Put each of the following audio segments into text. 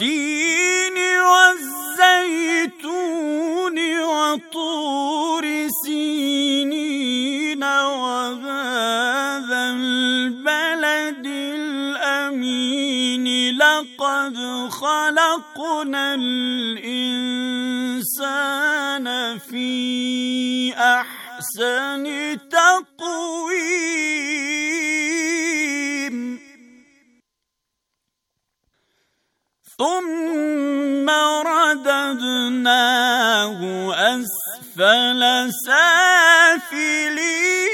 والتين والزيتون وطور سينين وهذا البلد الأمين لقد خلقنا الإنسان في أحسن تقويم ثم رددناه أسفل سافلين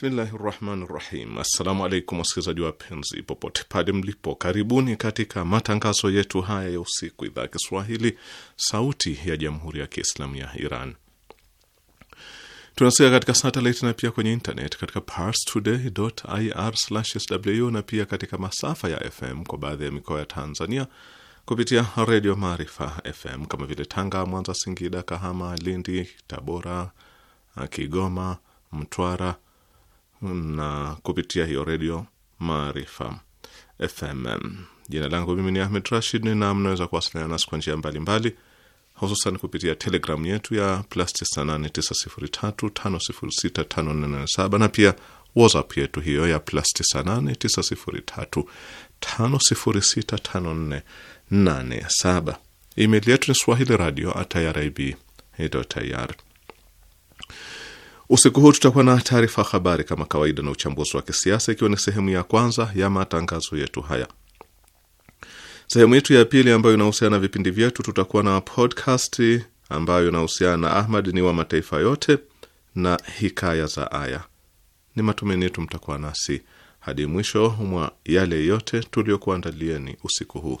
Bismillahi rahmani rahim. Assalamu alaikum wasikilizaji wapenzi, popote pale mlipo, karibuni katika matangazo yetu haya ya usiku, idhaa ya Kiswahili, sauti ya jamhuri ya kiislamu ya Iran. Tunasikia katika satelit na pia kwenye internet katika parstoday.ir/sw na pia katika masafa ya FM kwa baadhi ya mikoa ya Tanzania kupitia redio Maarifa FM kama vile Tanga, Mwanza, Singida, Kahama, Lindi, Tabora, Kigoma, Mtwara, na kupitia hiyo redio Maarifa FM. Jina langu mimi ni Ahmed Rashid na mnaweza kuwasiliana nasi kwa njia mbalimbali, hususan kupitia telegramu yetu ya plus 989035065487 na pia WhatsApp yetu hiyo ya plus 989035065487. Email yetu ni swahili radio at irib.ir. Usiku huu tutakuwa na taarifa habari kama kawaida na uchambuzi wa kisiasa, ikiwa ni sehemu ya kwanza ya matangazo yetu haya. Sehemu yetu ya pili ambayo inahusiana na vipindi vyetu, tutakuwa na podcast ambayo inahusiana na Ahmad ni wa mataifa yote na hikaya za aya. Ni matumaini yetu mtakuwa nasi hadi mwisho mwa yale yote tuliyokuandalieni usiku huu.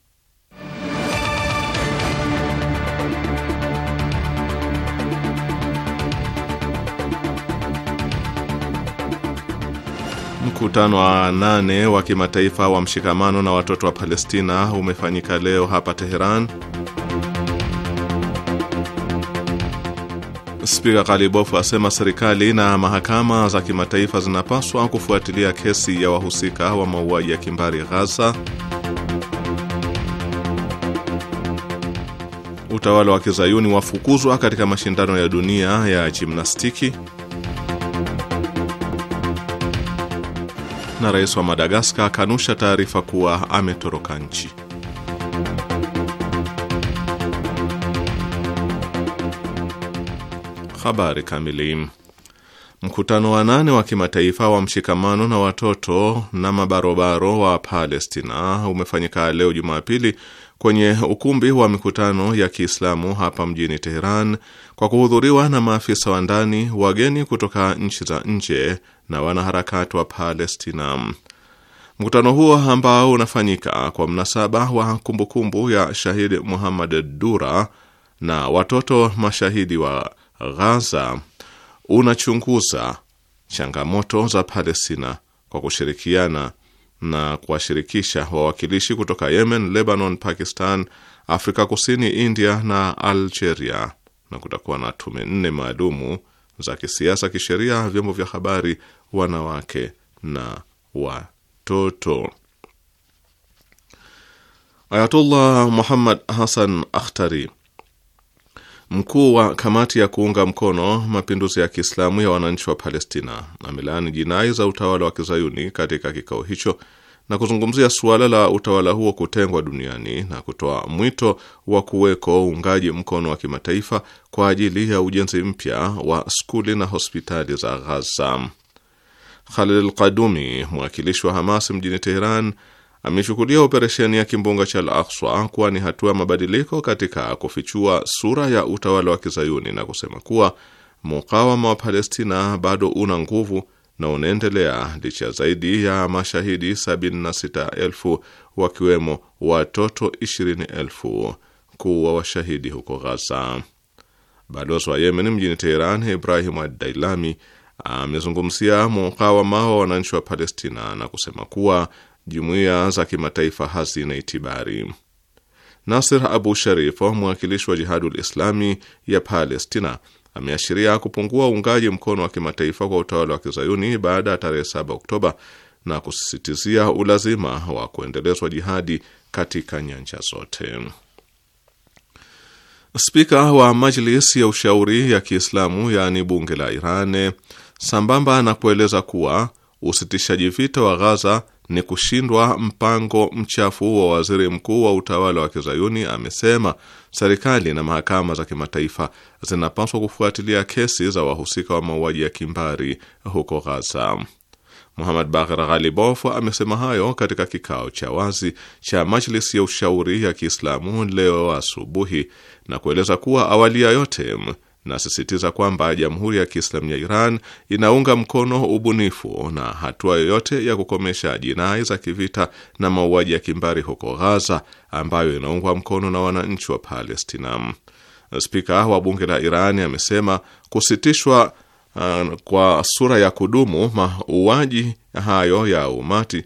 Mkutano wa nane wa kimataifa wa mshikamano na watoto wa Palestina umefanyika leo hapa Teheran. Spika Kalibofu asema serikali na mahakama za kimataifa zinapaswa kufuatilia kesi ya wahusika wa mauaji ya kimbari Ghaza. Utawala wa kizayuni wafukuzwa katika mashindano ya dunia ya jimnastiki. na rais wa Madagaskar akanusha taarifa kuwa ametoroka nchi. Habari kamili. Mkutano wa nane wa kimataifa wa mshikamano na watoto na mabarobaro wa Palestina umefanyika leo Jumapili kwenye ukumbi wa mikutano ya Kiislamu hapa mjini Teheran kwa kuhudhuriwa na maafisa wa ndani, wageni kutoka nchi za nje na wanaharakati wa Palestina. Mkutano huo ambao unafanyika kwa mnasaba wa kumbukumbu kumbu ya shahidi Muhammad Dura na watoto mashahidi wa Ghaza unachunguza changamoto za Palestina kwa kushirikiana na kuwashirikisha wawakilishi kutoka Yemen, Lebanon, Pakistan, Afrika Kusini, India na Algeria, na kutakuwa na tume nne maalumu za kisiasa, kisheria, vyombo vya habari, wanawake na watoto. Ayatullah Muhammad Hassan Akhtari, mkuu wa kamati ya kuunga mkono mapinduzi ya Kiislamu ya wananchi wa Palestina, amelaani jinai za utawala wa kizayuni katika kikao hicho na kuzungumzia suala la utawala huo kutengwa duniani na kutoa mwito wa kuweko uungaji mkono wa kimataifa kwa ajili ya ujenzi mpya wa skuli na hospitali za Ghaza. Khalil Qadumi, mwakilishi wa Hamas mjini Teheran, ameshukulia operesheni ya kimbunga cha Al-Aqsa kuwa ni hatua ya mabadiliko katika kufichua sura ya utawala wa kizayuni na kusema kuwa mukawama wa Palestina bado una nguvu na unaendelea licha zaidi ya mashahidi 76,000 wakiwemo watoto 20,000 kuwa washahidi huko Ghaza. Balozi wa Yemen mjini Teheran Ibrahim ad amezungumzia mukawama wa wananchi wa Palestina na kusema kuwa jumuiya za kimataifa hazina itibari. Nasir Abu Sharif, mwakilishi wa Jihadul Islami ya Palestina, ameashiria kupungua uungaji mkono wa kimataifa kwa utawala wa kizayuni baada ya tarehe 7 Oktoba na kusisitizia ulazima wa kuendelezwa jihadi katika nyanja zote. Spika wa Majlis ya Ushauri ya Kiislamu yaani bunge la Iran sambamba na kueleza kuwa usitishaji vita wa Ghaza ni kushindwa mpango mchafu wa waziri mkuu wa utawala wa Kizayuni, amesema serikali na mahakama za kimataifa zinapaswa kufuatilia kesi za wahusika wa mauaji ya kimbari huko Ghaza. muhamad bahr Ghalibof amesema hayo katika kikao cha wazi cha Majlisi ya Ushauri ya Kiislamu leo asubuhi na kueleza kuwa awali ya yote Nasisitiza kwamba Jamhuri ya Kiislamu ya Iran inaunga mkono ubunifu na hatua yoyote ya kukomesha jinai za kivita na mauaji ya kimbari huko Ghaza ambayo inaungwa mkono na wananchi wa Palestina. Spika wa bunge la Iran amesema kusitishwa uh, kwa sura ya kudumu mauaji hayo ya umati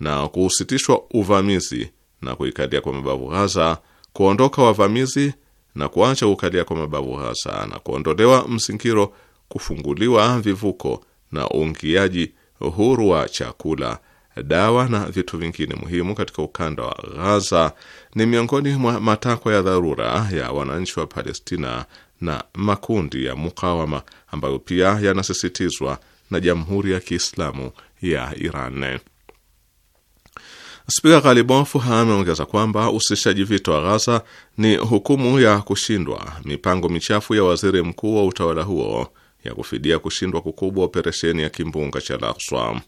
na kusitishwa uvamizi na kuikalia kwa mabavu Ghaza, kuondoka wavamizi na kuacha kukalia kwa mabavu, hasa na kuondolewa msingiro, kufunguliwa vivuko na uingiaji uhuru wa chakula, dawa na vitu vingine muhimu katika ukanda wa Ghaza ni miongoni mwa matakwa ya dharura ya wananchi wa Palestina na makundi ya mukawama ambayo pia yanasisitizwa na Jamhuri ya Kiislamu ya Iran. Spika Ghalibof ameongeza kwamba usitishaji vita wa Ghaza ni hukumu ya kushindwa mipango michafu ya waziri mkuu wa utawala huo ya kufidia kushindwa kukubwa operesheni ya kimbunga cha Al-Aqsa.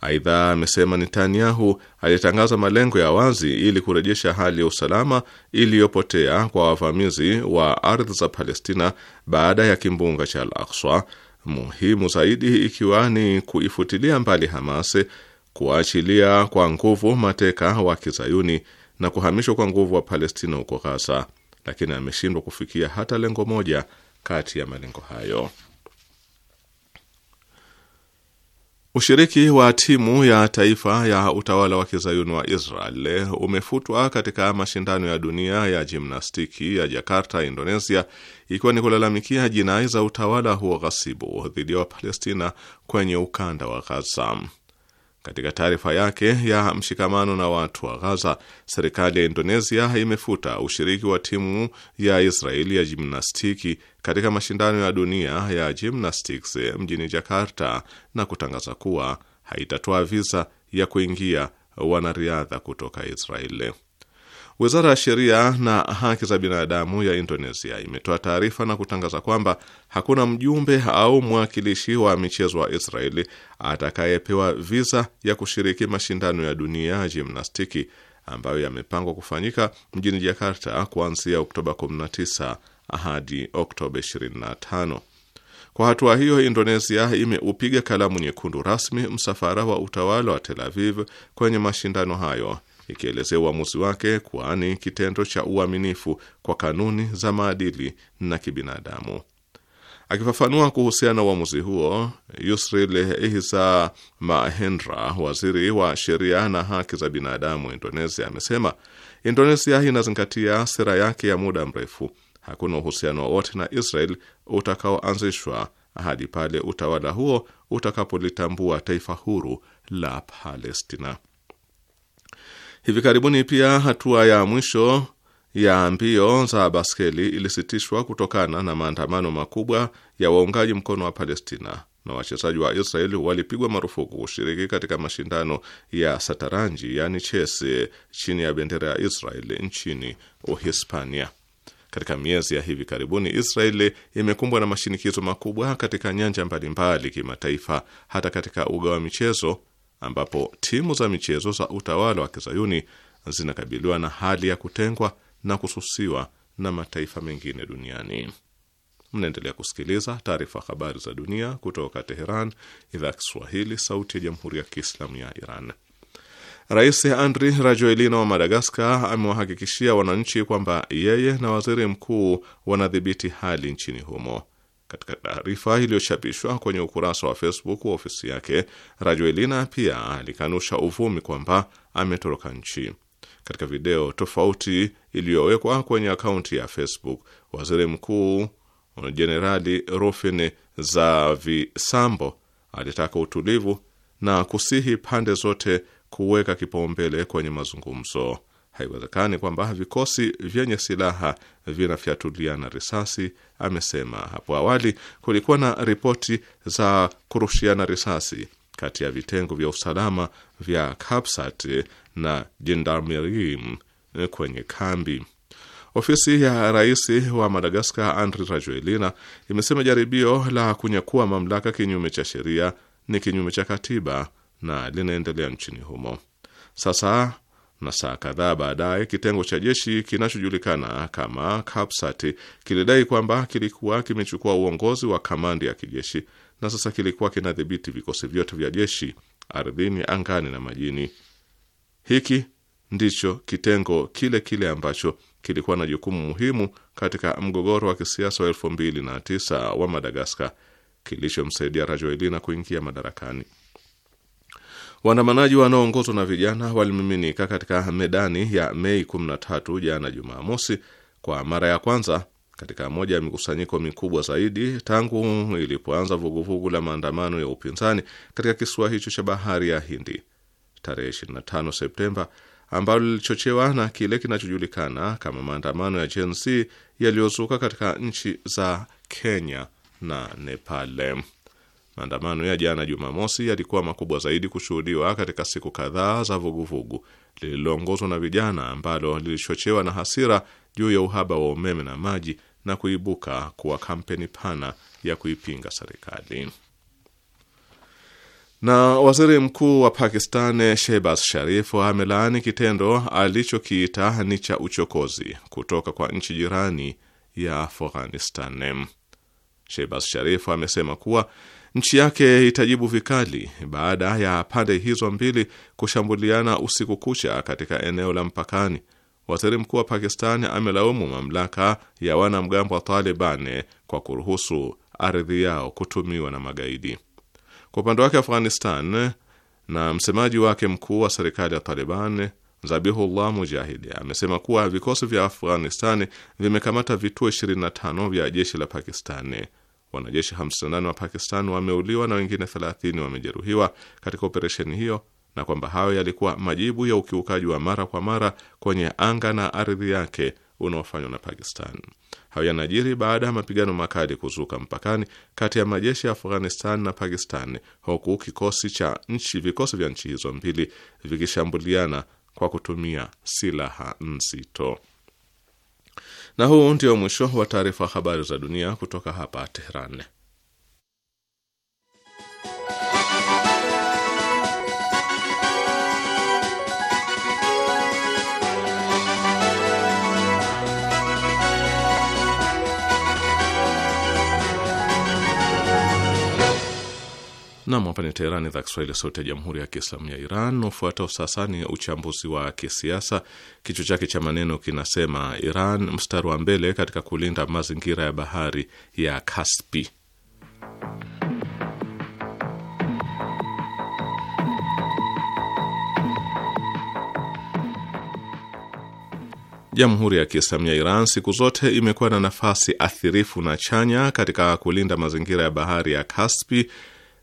Aidha, amesema Netanyahu alitangaza malengo ya wazi ili kurejesha hali ya usalama iliyopotea kwa wavamizi wa ardhi za Palestina baada ya kimbunga cha Al-Aqsa, muhimu zaidi ikiwa ni kuifutilia mbali Hamas kuachilia kwa nguvu mateka wa kizayuni na kuhamishwa kwa nguvu wa Palestina huko Ghaza, lakini ameshindwa kufikia hata lengo moja kati ya malengo hayo. Ushiriki wa timu ya taifa ya utawala wa kizayuni wa Israel umefutwa katika mashindano ya dunia ya jimnastiki ya Jakarta, Indonesia, ikiwa ni kulalamikia jinai za utawala huo ghasibu dhidi ya Wapalestina kwenye ukanda wa Ghaza. Katika taarifa yake ya mshikamano na watu wa Ghaza, serikali ya Indonesia imefuta ushiriki wa timu ya Israeli ya jimnastiki katika mashindano ya dunia ya gymnastics mjini Jakarta na kutangaza kuwa haitatoa visa ya kuingia wanariadha kutoka Israeli. Wizara ya Sheria na Haki za Binadamu ya Indonesia imetoa taarifa na kutangaza kwamba hakuna mjumbe au mwakilishi wa michezo wa Israeli atakayepewa viza ya kushiriki mashindano ya dunia ya jimnastiki ambayo yamepangwa kufanyika mjini Jakarta kuanzia Oktoba 19 hadi Oktoba 25. Kwa hatua hiyo, Indonesia imeupiga kalamu nyekundu rasmi msafara wa utawala wa Tel Aviv kwenye mashindano hayo ikielezea uamuzi wake kuwa ni kitendo cha uaminifu kwa kanuni za maadili na kibinadamu. Akifafanua kuhusiana na uamuzi huo, Yusril ihsa Mahendra, waziri wa sheria na haki za binadamu Indonesia, amesema Indonesia inazingatia sera yake ya muda mrefu. Hakuna uhusiano wowote na Israel utakaoanzishwa hadi pale utawala huo utakapolitambua taifa huru la Palestina. Hivi karibuni pia hatua ya mwisho ya mbio za baskeli ilisitishwa kutokana na maandamano makubwa ya waungaji mkono wa Palestina na wachezaji wa Israeli walipigwa marufuku kushiriki katika mashindano ya sataranji yaani chesi chini ya bendera ya Israeli nchini Uhispania. Katika miezi ya hivi karibuni, Israeli imekumbwa na mashinikizo makubwa katika nyanja mbalimbali kimataifa, hata katika uga wa michezo ambapo timu za michezo za utawala wa kizayuni zinakabiliwa na hali ya kutengwa na kususiwa na mataifa mengine duniani. Mnaendelea kusikiliza taarifa habari za dunia kutoka Teheran, idhaa ya Kiswahili, sauti ya jamhuri ya kiislamu ya Iran. Rais andri Rajoelina wa Madagaskar amewahakikishia wananchi kwamba yeye na waziri mkuu wanadhibiti hali nchini humo. Katika taarifa iliyochapishwa kwenye ukurasa wa Facebook wa ofisi yake, Rajoelina pia alikanusha uvumi kwamba ametoroka nchi. Katika video tofauti iliyowekwa kwenye akaunti ya Facebook, waziri mkuu Jenerali Rufin Zavisambo alitaka utulivu na kusihi pande zote kuweka kipaumbele kwenye mazungumzo haiwezekani kwamba vikosi vyenye silaha vinafyatuliana risasi, amesema. Hapo awali kulikuwa na ripoti za kurushiana risasi kati ya vitengo vya usalama vya Kapsat na Gendarmerie kwenye kambi. Ofisi ya rais wa Madagaskar Andry Rajoelina imesema jaribio la kunyakua mamlaka kinyume cha sheria ni kinyume cha katiba na linaendelea nchini humo. Sasa na saa kadhaa baadaye kitengo cha jeshi kinachojulikana kama Kapsat kilidai kwamba kilikuwa kimechukua uongozi wa kamandi ya kijeshi na sasa kilikuwa kinadhibiti vikosi vyote vya jeshi ardhini, angani na majini. Hiki ndicho kitengo kile kile ambacho kilikuwa na jukumu muhimu katika mgogoro wa kisiasa wa elfu mbili na tisa wa Madagaskar, kilichomsaidia Rajoelina kuingia madarakani. Waandamanaji wanaoongozwa na vijana walimiminika katika medani ya Mei 13 jana Jumamosi kwa mara ya kwanza katika moja ya mikusanyiko mikubwa zaidi tangu ilipoanza vuguvugu la maandamano ya upinzani katika kisiwa hicho cha bahari ya Hindi tarehe 25 Septemba, ambalo lilichochewa na kile kinachojulikana kama maandamano ya Gen Z yaliyozuka katika nchi za Kenya na Nepal. Maandamano ya jana Jumamosi yalikuwa makubwa zaidi kushuhudiwa katika siku kadhaa za vuguvugu lililoongozwa na vijana ambalo lilichochewa na hasira juu ya uhaba wa umeme na maji na kuibuka kuwa kampeni pana ya kuipinga serikali. Na waziri mkuu wa Pakistan Shehbaz Sharif amelaani kitendo alichokiita ni cha uchokozi kutoka kwa nchi jirani ya Afghanistan. Shehbaz Sharif amesema kuwa Nchi yake itajibu vikali baada ya pande hizo mbili kushambuliana usiku kucha katika eneo la mpakani. Waziri mkuu wa Pakistan amelaumu mamlaka ya wanamgambo wa Taliban kwa kuruhusu ardhi yao kutumiwa na magaidi. Kwa upande wake, Afghanistan na msemaji wake mkuu wa serikali ya Taliban Zabihullah Mujahidi amesema kuwa vikosi vya Afghanistani vimekamata vituo 25 vya jeshi la Pakistani Wanajeshi 58 wa Pakistan wameuliwa na wengine 30 wamejeruhiwa katika operesheni hiyo na kwamba hayo yalikuwa majibu ya ukiukaji wa mara kwa mara kwenye anga na ardhi yake unaofanywa na Pakistan. Hayo yanajiri baada ya mapigano makali kuzuka mpakani kati ya majeshi ya Afghanistan na Pakistan, huku kikosi cha nchi vikosi vya nchi hizo mbili vikishambuliana kwa kutumia silaha nzito. Na huu ndio mwisho wa taarifa habari za dunia kutoka hapa Tehran. Nam, hapa ni Teherani, idhaa Kiswahili, sauti ya jamhuri ya kiislamu ya Iran. Ufuatao sasa ni uchambuzi wa kisiasa, kichwa chake cha maneno kinasema: Iran mstari wa mbele katika kulinda mazingira ya bahari ya Kaspi. Jamhuri ya Kiislamu ya Iran siku zote imekuwa na nafasi athirifu na chanya katika kulinda mazingira ya bahari ya Kaspi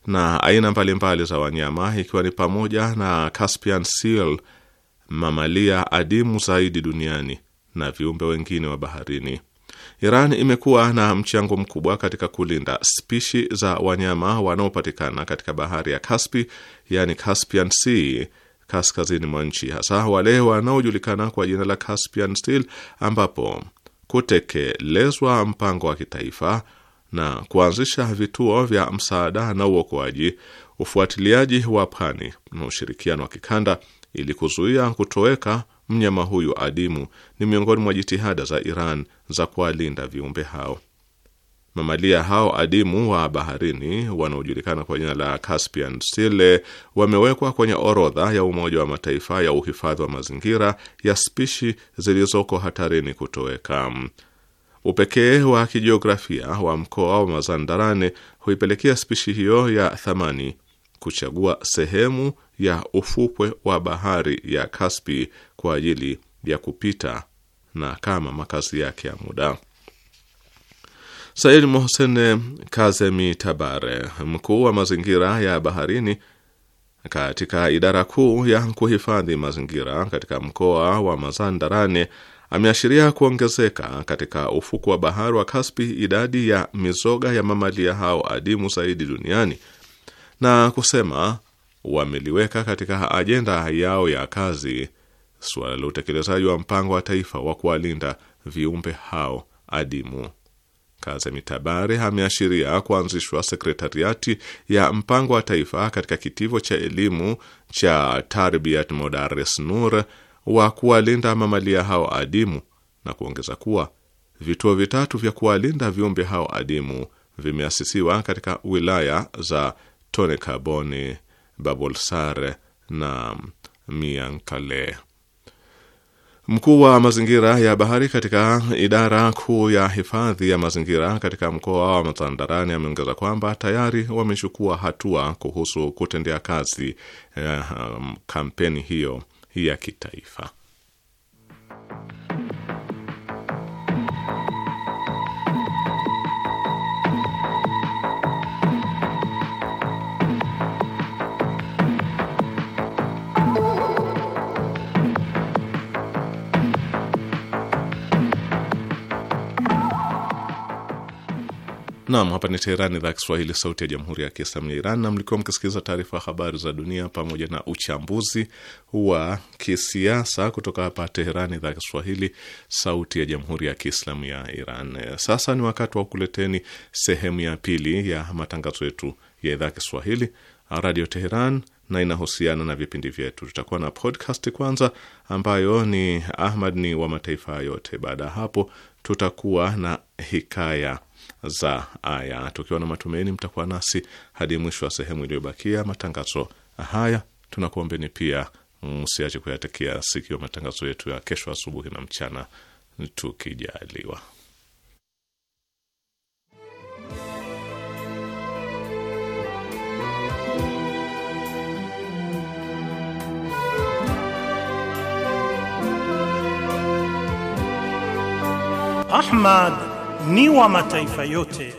na aina mbalimbali za wanyama ikiwa ni pamoja na Caspian seal, mamalia adimu zaidi duniani na viumbe wengine wa baharini. Iran imekuwa na mchango mkubwa katika kulinda spishi za wanyama wanaopatikana katika bahari ya Kaspi, yani Caspian Sea, kaskazini mwa nchi, hasa wale wanaojulikana kwa jina la Caspian seal, ambapo kutekelezwa mpango wa kitaifa na kuanzisha vituo vya msaada na uokoaji, ufuatiliaji wa pwani na ushirikiano wa kikanda ili kuzuia kutoweka mnyama huyu adimu ni miongoni mwa jitihada za Iran za kuwalinda viumbe hao. Mamalia hao adimu wa baharini wanaojulikana kwa jina la Caspian sile wamewekwa kwenye orodha ya Umoja wa Mataifa ya uhifadhi wa mazingira ya spishi zilizoko hatarini kutoweka. Upekee wa kijiografia wa mkoa wa Mazandarane huipelekea spishi hiyo ya thamani kuchagua sehemu ya ufukwe wa bahari ya Kaspi kwa ajili ya kupita na kama makazi yake ya muda. Said Mohsen Kazemi Tabare, mkuu wa mazingira ya baharini katika idara kuu ya kuhifadhi mazingira katika mkoa wa Mazandarane Ameashiria kuongezeka katika ufuku wa bahari wa Kaspi idadi ya mizoga ya mamalia hao adimu zaidi duniani na kusema wameliweka katika ajenda yao ya kazi suala la utekelezaji wa mpango wa taifa wa kuwalinda viumbe hao adimu. Kazemi Tabare ameashiria kuanzishwa sekretariati ya mpango wa taifa katika kitivo cha elimu cha Tarbiat Modares Nur wa kuwalinda mamalia hao adimu na kuongeza kuwa vituo vitatu vya kuwalinda viumbe hao adimu vimeasisiwa katika wilaya za Tonekaboni, Babolsare na Miankale. Mkuu wa mazingira ya bahari katika idara kuu ya hifadhi ya mazingira katika mkoa wa Mazandarani ameongeza kwamba tayari wamechukua hatua kuhusu kutendea kazi eh, kampeni hiyo ya kitaifa. Naam, hapa ni Teherani, idhaa ya Kiswahili, sauti ya jamhuri ya kiislamu ya Iran, na mlikuwa mkisikiliza taarifa ya habari za dunia pamoja na uchambuzi wa kisiasa kutoka hapa Teherani, idhaa ya Kiswahili, sauti ya jamhuri ya kiislamu ya Iran. Sasa ni wakati wa kuleteni sehemu ya pili ya matangazo yetu ya idhaa ya Kiswahili Radio Teheran na inahusiana na vipindi vyetu. Tutakuwa na podcast kwanza, ambayo ni Ahmad ni wa mataifa yote. Baada ya hapo, tutakuwa na hikaya za aya, tukiwa na matumaini mtakuwa nasi hadi mwisho wa sehemu iliyobakia matangazo haya. Tunakuombeni pia msiache kuyatekea sikio matangazo yetu ya kesho asubuhi na mchana, tukijaliwa. Ahmad ni wa mataifa yote.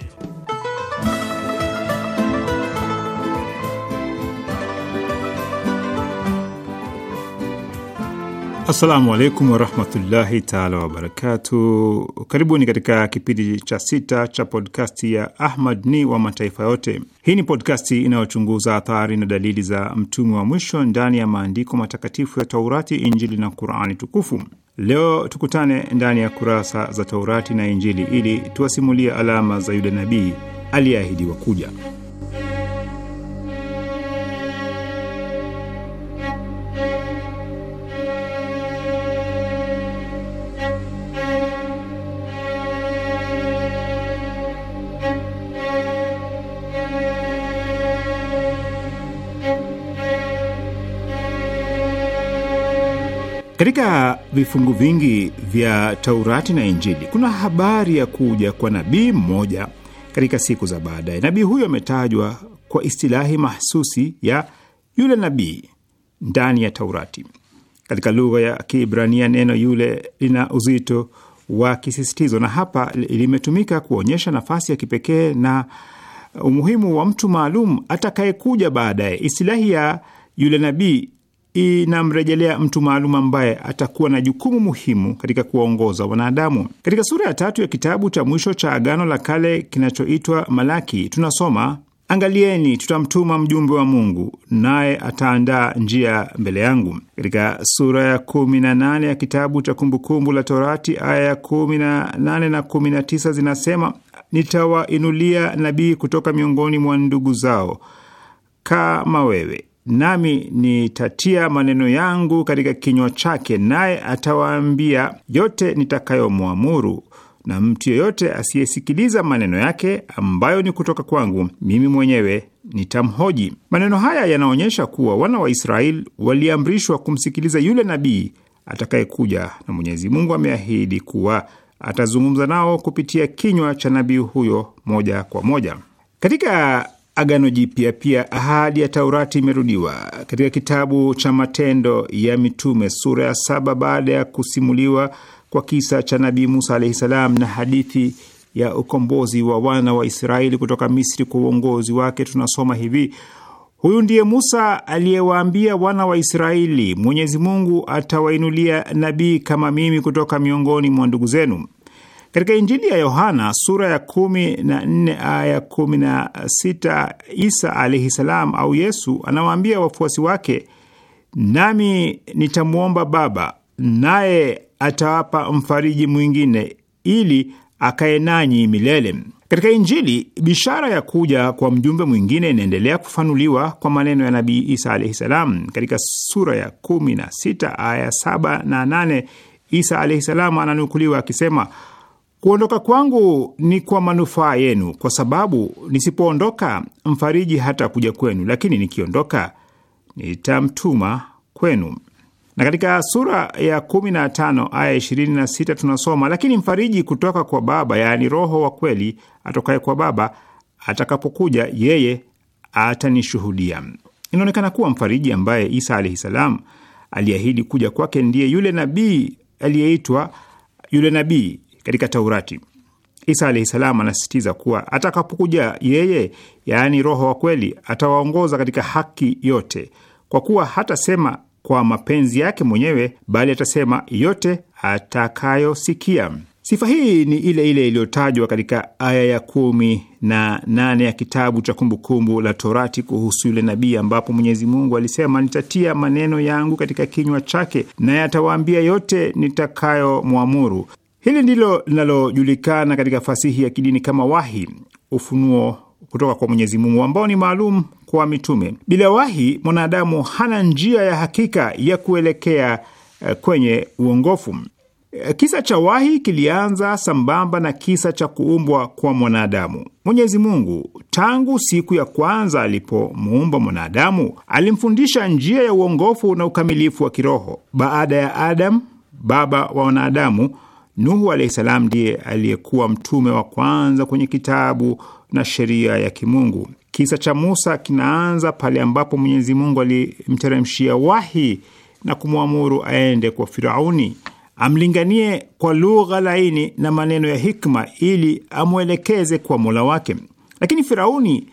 Assalamu alaikum warahmatullahi taala wabarakatu. Karibuni katika kipindi cha sita cha podkasti ya Ahmad ni wa mataifa yote. Hii ni podkasti inayochunguza athari na dalili za mtume wa mwisho ndani ya maandiko matakatifu ya Taurati, Injili na Qurani Tukufu. Leo tukutane ndani ya kurasa za Taurati na Injili ili tuwasimulie alama za yule nabii aliyeahidiwa kuja. Katika vifungu vingi vya Taurati na Injili kuna habari ya kuja kwa nabii mmoja katika siku za baadaye. Nabii huyo ametajwa kwa istilahi mahsusi ya yule nabii ndani ya Taurati. Katika lugha ya Kiibrania neno yule lina uzito wa kisisitizo, na hapa limetumika kuonyesha nafasi ya kipekee na umuhimu wa mtu maalum atakayekuja baadaye. Istilahi ya yule nabii inamrejelea mtu maalum ambaye atakuwa na jukumu muhimu katika kuwaongoza wanadamu. Katika sura ya tatu ya kitabu cha mwisho cha Agano la Kale kinachoitwa Malaki tunasoma Angalieni, tutamtuma mjumbe wa Mungu, naye ataandaa njia mbele yangu. Katika sura ya kumi na nane ya kitabu cha Kumbukumbu la Torati aya ya kumi na nane na kumi na tisa zinasema, nitawainulia nabii kutoka miongoni mwa ndugu zao kama wewe, nami nitatia maneno yangu katika kinywa chake, naye atawaambia yote nitakayomwamuru. Na mtu yeyote asiyesikiliza maneno yake ambayo ni kutoka kwangu mimi mwenyewe nitamhoji. Maneno haya yanaonyesha kuwa wana wa Israeli waliamrishwa kumsikiliza yule nabii atakayekuja, na Mwenyezi Mungu ameahidi kuwa atazungumza nao kupitia kinywa cha nabii huyo moja kwa moja. Katika Agano Jipya pia ahadi ya Taurati imerudiwa katika kitabu cha Matendo ya Mitume sura ya saba baada ya kusimuliwa kwa kisa cha Nabii Musa alaihi salam na hadithi ya ukombozi wa wana wa Israeli kutoka Misri kwa uongozi wake, tunasoma hivi: huyu ndiye Musa aliyewaambia wana wa Israeli, Mwenyezi Mungu atawainulia nabii kama mimi kutoka miongoni mwa ndugu zenu. Katika Injili ya Yohana sura ya kumi na nne aya kumi na sita Isa alaihi salam au Yesu anawaambia wafuasi wake, nami nitamwomba Baba naye atawapa mfariji mwingine ili akae nanyi milele. Katika Injili bishara ya kuja kwa mjumbe mwingine inaendelea kufanuliwa kwa maneno ya Nabii Isa alaihi salam. Katika sura ya kumi na sita aya saba na nane Isa alaihi salam ananukuliwa akisema Kuondoka kwangu ni kwa manufaa yenu, kwa sababu nisipoondoka mfariji hata kuja kwenu, lakini nikiondoka nitamtuma kwenu. Na katika sura ya 15 aya 26 tunasoma, lakini mfariji kutoka kwa Baba, yaani Roho wa kweli atokaye kwa Baba, atakapokuja yeye atanishuhudia. Inaonekana kuwa mfariji ambaye Isa alahi salam aliahidi kuja kwake ndiye yule nabii aliyeitwa yule nabii katika Taurati. Isa alahi salam anasisitiza kuwa atakapokuja yeye, yaani Roho wa kweli, atawaongoza katika haki yote, kwa kuwa hatasema kwa mapenzi yake mwenyewe, bali atasema yote atakayosikia. Sifa hii ni ile ile iliyotajwa katika aya ya kumi na nane ya kitabu cha kumbukumbu la Torati kuhusu yule nabii, ambapo Mwenyezi Mungu alisema, nitatia maneno yangu katika kinywa chake, naye atawaambia yote nitakayomwamuru. Hili ndilo linalojulikana katika fasihi ya kidini kama wahi, ufunuo kutoka kwa Mwenyezi Mungu ambao ni maalum kwa mitume. Bila wahi, mwanadamu hana njia ya hakika ya kuelekea eh, kwenye uongofu. Eh, kisa cha wahi kilianza sambamba na kisa cha kuumbwa kwa mwanadamu. Mwenyezi Mungu tangu siku ya kwanza alipomuumba mwanadamu alimfundisha njia ya uongofu na ukamilifu wa kiroho. Baada ya adamu baba wa wanadamu Nuhu alahi salam ndiye aliyekuwa mtume wa kwanza kwenye kitabu na sheria ya Kimungu. Kisa cha Musa kinaanza pale ambapo Mwenyezi Mungu alimteremshia wahi na kumwamuru aende kwa Firauni amlinganie kwa lugha laini na maneno ya hikma ili amwelekeze kwa mola wake, lakini Firauni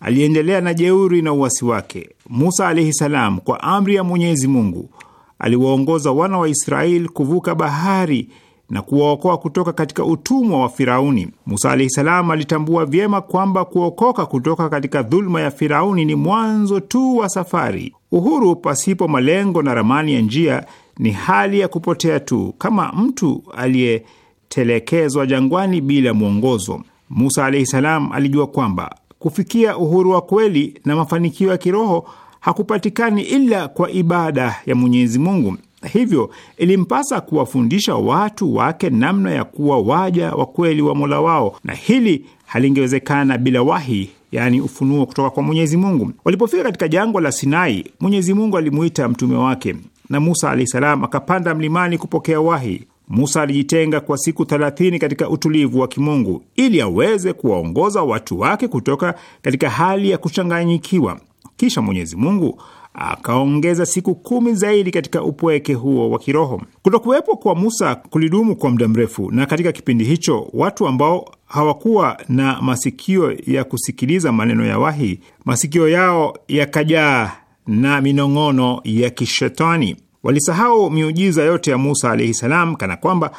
aliendelea na jeuri na uwasi wake. Musa alaihi salam kwa amri ya Mwenyezi Mungu aliwaongoza wana wa Israeli kuvuka bahari na kuwaokoa kutoka katika utumwa wa Firauni. Musa alahi salam alitambua vyema kwamba kuokoka kutoka katika dhuluma ya Firauni ni mwanzo tu wa safari. Uhuru pasipo malengo na ramani ya njia ni hali ya kupotea tu, kama mtu aliyetelekezwa jangwani bila mwongozo. Musa alahi salam alijua kwamba kufikia uhuru wa kweli na mafanikio ya kiroho hakupatikani ila kwa ibada ya Mwenyezi Mungu. Hivyo ilimpasa kuwafundisha watu wake namna ya kuwa waja wa kweli wa Mola wao, na hili halingewezekana bila wahi yaani ufunuo kutoka kwa Mwenyezi Mungu. Walipofika katika jangwa la Sinai, Mwenyezi Mungu alimuita mtume wake na Musa alahi salam akapanda mlimani kupokea wahi. Musa alijitenga kwa siku thelathini katika utulivu wa kimungu ili aweze kuwaongoza watu wake kutoka katika hali ya kuchanganyikiwa. Kisha Mwenyezi Mungu akaongeza siku kumi zaidi katika upweke huo wa kiroho. Kutokuwepo kwa Musa kulidumu kwa muda mrefu, na katika kipindi hicho watu ambao hawakuwa na masikio ya kusikiliza maneno ya wahi, masikio yao yakajaa na minong'ono ya kishetani. Walisahau miujiza yote ya Musa alaihi salam, kana kwamba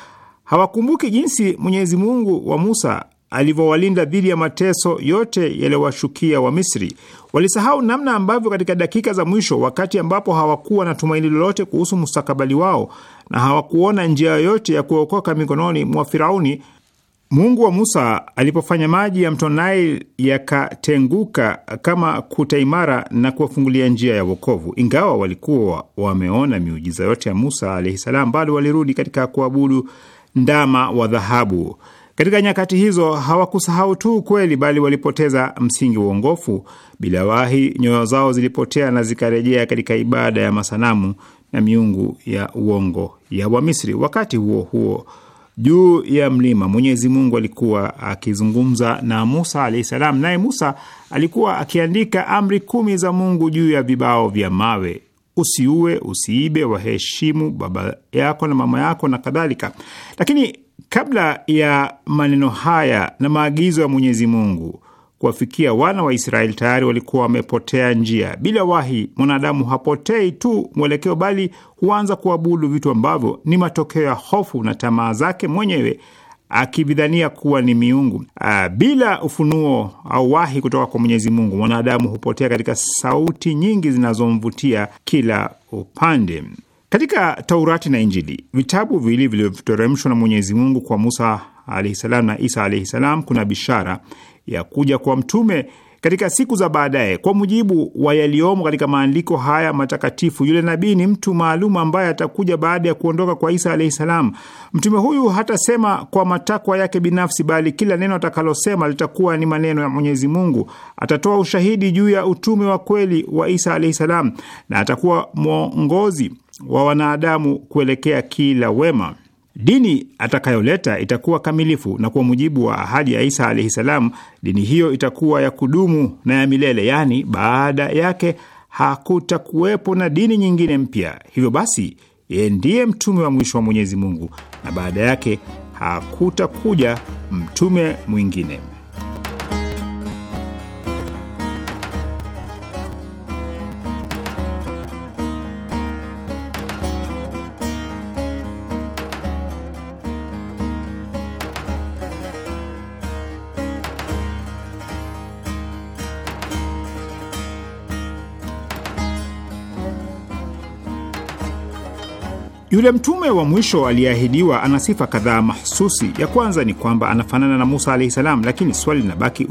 hawakumbuki jinsi Mwenyezi Mungu wa Musa alivyowalinda dhidi ya mateso yote yaliyowashukia Wamisri. Walisahau namna ambavyo katika dakika za mwisho, wakati ambapo hawakuwa na tumaini lolote kuhusu mustakabali wao na hawakuona njia yoyote ya kuokoka mikononi mwa Firauni, Mungu wa Musa alipofanya maji ya mto Nile yakatenguka kama kuta imara na kuwafungulia njia ya wokovu. Ingawa walikuwa wameona miujiza yote ya Musa alaihi bado walirudi katika kuabudu ndama wa dhahabu. Katika nyakati hizo hawakusahau tu ukweli, bali walipoteza msingi wa uongofu. Bila wahi, nyoyo zao zilipotea na zikarejea katika ibada ya masanamu na miungu ya uongo ya Wamisri. Wakati huo huo, juu ya mlima, Mwenyezi Mungu alikuwa akizungumza na Musa alahi salam, naye Musa alikuwa akiandika amri kumi za Mungu juu ya vibao vya mawe: usiue, usiibe, waheshimu baba yako na mama yako na kadhalika, lakini Kabla ya maneno haya na maagizo ya Mwenyezi Mungu kuwafikia wana wa Israeli, tayari walikuwa wamepotea njia. Bila wahi, mwanadamu hapotei tu mwelekeo, bali huanza kuabudu vitu ambavyo ni matokeo ya hofu na tamaa zake mwenyewe akividhania kuwa ni miungu. Ah, bila ufunuo au wahi kutoka kwa Mwenyezi Mungu, mwanadamu hupotea katika sauti nyingi zinazomvutia kila upande. Katika Taurati na Injili, vitabu viwili vilivyoteremshwa na Mwenyezi Mungu kwa Musa alaihi salam na Isa alaihi salam, kuna bishara ya kuja kwa mtume katika siku za baadaye. Kwa mujibu wa yaliyomo katika maandiko haya matakatifu, yule nabii ni mtu maalum ambaye atakuja baada ya kuondoka kwa Isa alaihi salam. Mtume huyu hatasema kwa matakwa yake binafsi, bali kila neno atakalosema litakuwa ni maneno ya Mwenyezi Mungu. Atatoa ushahidi juu ya utume wa kweli wa Isa alaihi salam na atakuwa mwongozi wa wanadamu kuelekea kila wema. Dini atakayoleta itakuwa kamilifu, na kwa mujibu wa ahadi ya Isa alaihi salam, dini hiyo itakuwa ya kudumu na ya milele, yaani baada yake hakutakuwepo na dini nyingine mpya. Hivyo basi, yeye ndiye mtume wa mwisho wa Mwenyezi Mungu, na baada yake hakutakuja mtume mwingine. Yule mtume wa mwisho aliyeahidiwa ana sifa kadhaa mahsusi. Ya kwanza ni kwamba anafanana na Musa alahi salam, lakini swali linabaki,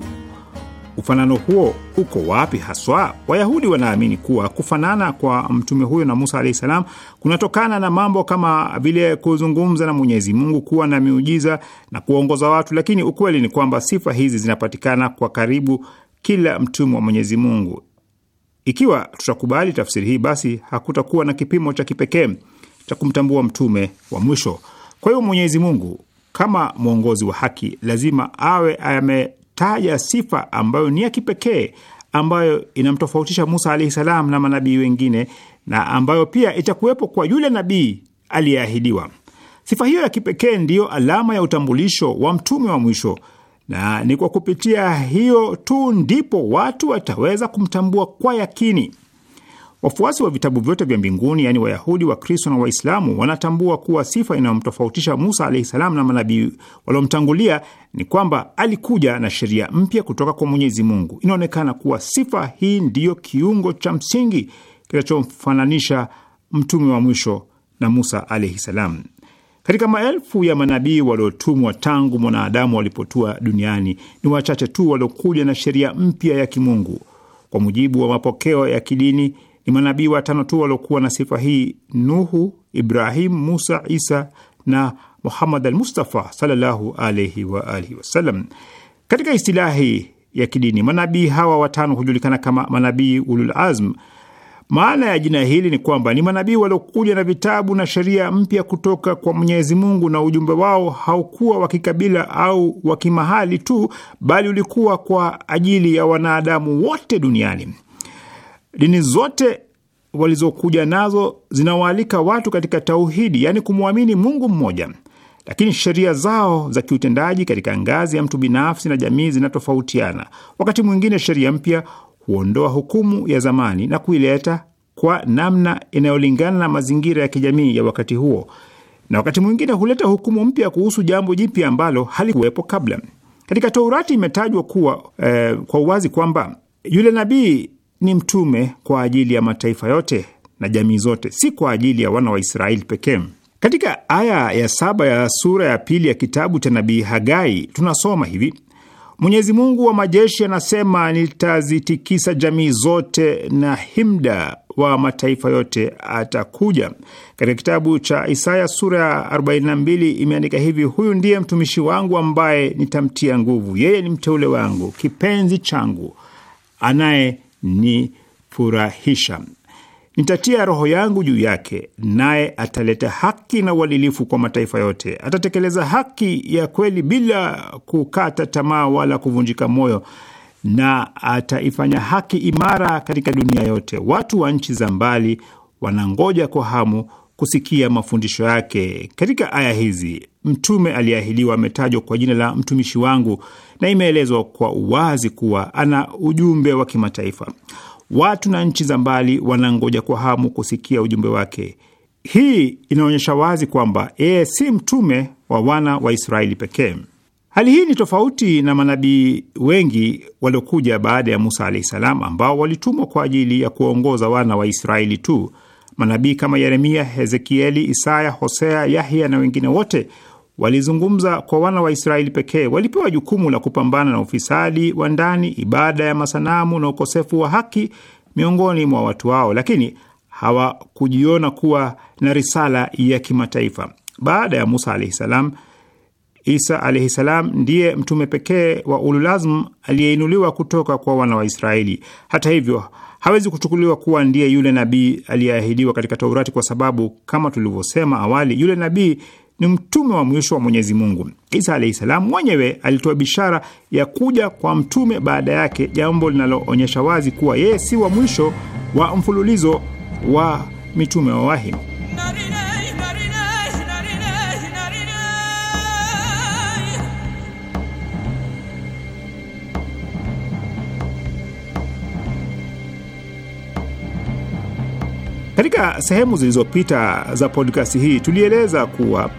ufanano huo uko wapi haswa? Wayahudi wanaamini kuwa kufanana kwa mtume huyo na Musa alahi salam kunatokana na mambo kama vile kuzungumza na Mwenyezi Mungu, kuwa na miujiza na kuongoza watu, lakini ukweli ni kwamba sifa hizi zinapatikana kwa karibu kila mtume wa Mwenyezi Mungu. Ikiwa tutakubali tafsiri hii, basi hakutakuwa na kipimo cha kipekee cha kumtambua mtume wa mwisho. Kwa hiyo Mwenyezi Mungu kama mwongozi wa haki lazima awe ametaja sifa ambayo ni ya kipekee ambayo inamtofautisha Musa alahi salam na manabii wengine na ambayo pia itakuwepo kwa yule nabii aliyeahidiwa. Sifa hiyo ya kipekee ndiyo alama ya utambulisho wa mtume wa mwisho, na ni kwa kupitia hiyo tu ndipo watu wataweza kumtambua kwa yakini. Wafuasi wa vitabu vyote vya mbinguni, yaani Wayahudi, Wakristo na Waislamu, wanatambua kuwa sifa inayomtofautisha Musa alahi salam na manabii waliomtangulia ni kwamba alikuja na sheria mpya kutoka kwa Mwenyezi Mungu. Inaonekana kuwa sifa hii ndiyo kiungo cha msingi kinachomfananisha mtume wa mwisho na Musa alahi salam. Katika maelfu ya manabii waliotumwa tangu mwanadamu walipotua duniani, ni wachache tu waliokuja na sheria mpya ya kimungu. Kwa mujibu wa mapokeo ya kidini ni manabii watano tu waliokuwa na sifa hii: Nuhu, Ibrahim, Musa, Isa na Muhammad al-Mustafa sallallahu alayhi wa alihi wasallam. Katika istilahi ya kidini, manabii hawa watano hujulikana kama manabii ulul azm. Maana ya jina hili ni kwamba ni manabii waliokuja na vitabu na sheria mpya kutoka kwa Mwenyezi Mungu, na ujumbe wao haukuwa wa kikabila au wa kimahali tu, bali ulikuwa kwa ajili ya wanadamu wote duniani. Dini zote walizokuja nazo zinawaalika watu katika tauhidi, yaani kumwamini Mungu mmoja, lakini sheria zao za kiutendaji katika ngazi ya mtu binafsi na jamii zinatofautiana. Wakati mwingine sheria mpya huondoa hukumu ya zamani na kuileta kwa namna inayolingana na mazingira ya kijamii ya wakati huo, na wakati mwingine huleta hukumu mpya kuhusu jambo jipya ambalo halikuwepo kabla. Katika Taurati imetajwa kuwa eh, kwa uwazi kwamba yule nabii ni mtume kwa ajili ya mataifa yote na jamii zote, si kwa ajili ya wana wa Israeli pekee. Katika aya ya saba ya sura ya pili ya kitabu cha nabii Hagai tunasoma hivi: Mwenyezi Mungu wa majeshi anasema, nitazitikisa jamii zote na himda wa mataifa yote atakuja. Katika kitabu cha Isaya sura ya 42 imeandika hivi, huyu ndiye mtumishi wangu ambaye nitamtia nguvu, yeye ni mteule wangu, kipenzi changu, anaye ni furahisha Nitatia roho yangu juu yake, naye ataleta haki na uadilifu kwa mataifa yote. Atatekeleza haki ya kweli bila kukata tamaa wala kuvunjika moyo, na ataifanya haki imara katika dunia yote. Watu wa nchi za mbali wanangoja kwa hamu kusikia mafundisho yake. Katika aya hizi mtume aliyeahidiwa ametajwa kwa jina la mtumishi wangu, na imeelezwa kwa uwazi kuwa ana ujumbe wa kimataifa. Watu na nchi za mbali wanangoja kwa hamu kusikia ujumbe wake. Hii inaonyesha wazi kwamba yeye si mtume wa wana wa Israeli pekee. Hali hii ni tofauti na manabii wengi waliokuja baada ya Musa alahi salam, ambao walitumwa kwa ajili ya kuwaongoza wana wa Israeli tu. Manabii kama Yeremia, Hezekieli, Isaya, Hosea, Yahya na wengine wote walizungumza kwa wana wa Israeli pekee. Walipewa jukumu la kupambana na ufisadi wa ndani, ibada ya masanamu na ukosefu wa haki miongoni mwa watu wao, lakini hawakujiona kuwa na risala ya kimataifa. Baada ya Musa alaihi salam, Isa alaihi salam ndiye mtume pekee wa ululazm aliyeinuliwa kutoka kwa wana wa Israeli. Hata hivyo hawezi kuchukuliwa kuwa ndiye yule nabii aliyeahidiwa katika Taurati kwa sababu kama tulivyosema awali, yule nabii ni mtume wa mwisho wa Mwenyezi Mungu. Isa alahi salam mwenyewe alitoa bishara ya kuja kwa mtume baada yake, jambo linaloonyesha wazi kuwa yeye si wa mwisho wa mfululizo wa mitume wa wahi. Katika sehemu zilizopita za podkasti hii tulieleza kuwa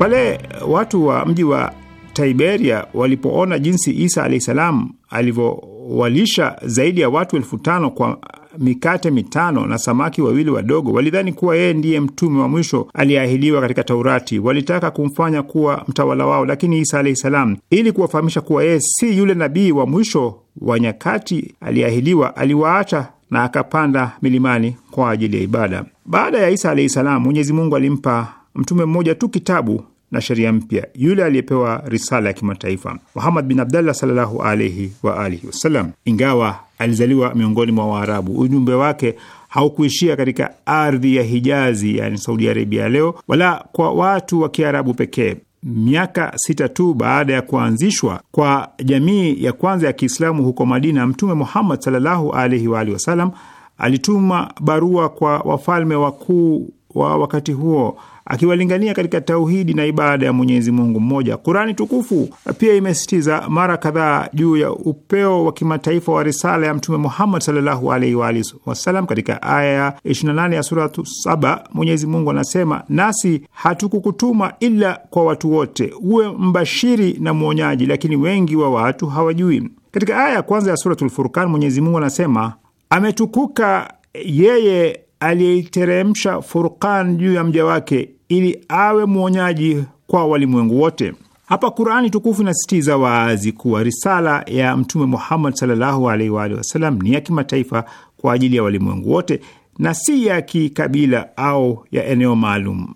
pale watu wa mji wa Tiberia walipoona jinsi Isa alahi salam alivyowalisha zaidi ya watu elfu tano kwa mikate mitano na samaki wawili wadogo, walidhani kuwa yeye ndiye mtume wa mwisho aliyeahidiwa katika Taurati. Walitaka kumfanya kuwa mtawala wao, lakini Isa alahi salam, ili kuwafahamisha kuwa yeye si yule nabii wa mwisho wa nyakati aliyeahidiwa, aliwaacha na akapanda milimani kwa ajili ya ibada. Baada ya Isa alahi salam, Mwenyezi Mungu alimpa mtume mmoja tu kitabu na sheria mpya yule aliyepewa risala ya kimataifa Muhammad bin Abdallah sallallahu alaihi wa alihi wasallam. Ingawa alizaliwa miongoni mwa Waarabu, ujumbe wake haukuishia katika ardhi ya Hijazi, yani Saudi Arabia leo, wala kwa watu wa Kiarabu pekee. Miaka sita tu baada ya kuanzishwa kwa jamii ya kwanza ya Kiislamu huko Madina, Mtume Muhammad sallallahu alaihi wa alihi wasallam alituma barua kwa wafalme wakuu wa wakati huo akiwalingania katika tauhidi na ibada ya Mwenyezi Mungu mmoja. Kurani tukufu pia imesisitiza mara kadhaa juu ya upeo wa kimataifa wa risala ya Mtume Muhammad sallallahu alaihi wa alihi wasallam. Katika aya ya 28 ya sura 7 Mwenyezi Mungu anasema, nasi hatukukutuma ila kwa watu wote, uwe mbashiri na mwonyaji, lakini wengi wa watu hawajui. Katika aya ya kwanza ya suratul Furqan Mwenyezi Mungu anasema, ametukuka yeye aliyeiteremsha Furqan juu ya mja wake ili awe mwonyaji kwa walimwengu wote. Hapa Qurani tukufu inasisitiza waazi kuwa risala ya Mtume Muhammad sallallahu alaihi wa alihi wasallam ni ya kimataifa kwa ajili ya walimwengu wote na si ya kikabila au ya eneo maalum.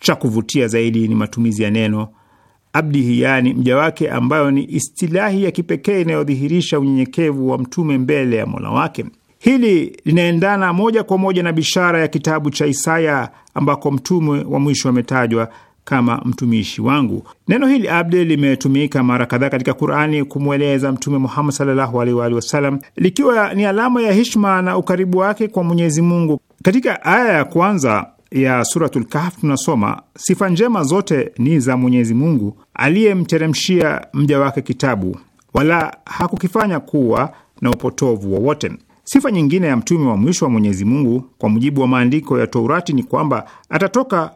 Cha kuvutia zaidi ni matumizi ya neno abdihi, yaani mja wake, ambayo ni istilahi ya kipekee inayodhihirisha unyenyekevu wa mtume mbele ya mola wake. Hili linaendana moja kwa moja na bishara ya kitabu cha Isaya ambako mtume wa mwisho ametajwa kama mtumishi wangu. Neno hili abdi limetumika mara kadhaa katika Qurani kumweleza Mtume Muhammad sallallahu alaihi wa likiwa ni alama ya hishma na ukaribu wake kwa Mwenyezi Mungu. Katika aya ya kwanza ya Suratul Kahf tunasoma, sifa njema zote ni za Mwenyezi Mungu aliyemteremshia mja wake kitabu, wala hakukifanya kuwa na upotovu wowote. Sifa nyingine ya mtume wa mwisho wa Mwenyezi Mungu kwa mujibu wa maandiko ya Taurati ni kwamba atatoka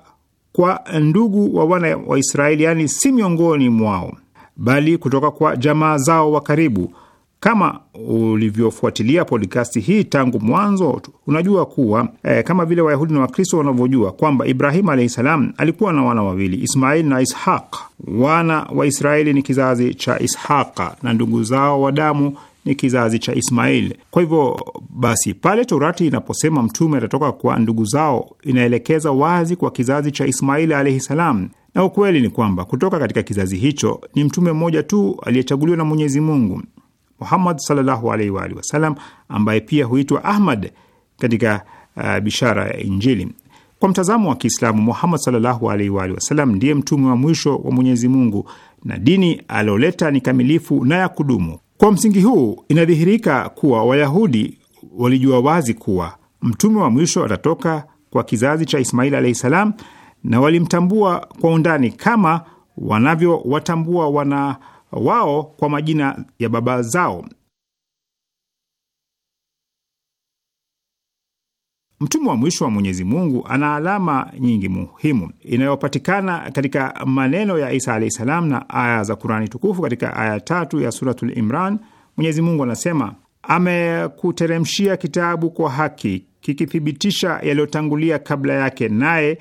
kwa ndugu wa wana wa Israeli, yaani si miongoni mwao, bali kutoka kwa jamaa zao wa karibu. Kama ulivyofuatilia podkasti hii tangu mwanzo, unajua kuwa eh, kama vile Wayahudi na Wakristo wanavyojua kwamba ibrahimu alahi salam alikuwa na wana wawili, Ismail na Ishaq. Wana wa Israeli ni kizazi cha Ishaqa na ndugu zao wa damu ni kizazi cha Ismail. Kwa hivyo basi, pale Taurati inaposema mtume atatoka kwa ndugu zao, inaelekeza wazi kwa kizazi cha Ismail alaihi salam, na ukweli ni kwamba kutoka katika kizazi hicho ni mtume mmoja tu aliyechaguliwa na Mwenyezi Mungu, Muhammad sallallahu alaihi wa alihi ambaye pia huitwa Ahmad katika uh, bishara ya Injili. Kwa mtazamo wa Kiislamu, Muhammad sallallahu alaihi wa alihi ndiye mtume wa mwisho wa Mwenyezi Mungu na dini aloleta ni kamilifu na ya kudumu. Kwa msingi huu inadhihirika kuwa Wayahudi walijua wazi kuwa mtume wa mwisho atatoka kwa kizazi cha Ismaili alahi salam, na walimtambua kwa undani kama wanavyowatambua wana wao kwa majina ya baba zao. Mtume wa mwisho wa Mwenyezi Mungu ana alama nyingi muhimu inayopatikana katika maneno ya Isa alahi salam na aya za Kurani tukufu. Katika aya tatu ya Suratul Imran, Mwenyezi Mungu anasema amekuteremshia kitabu kwa haki kikithibitisha yaliyotangulia kabla yake, naye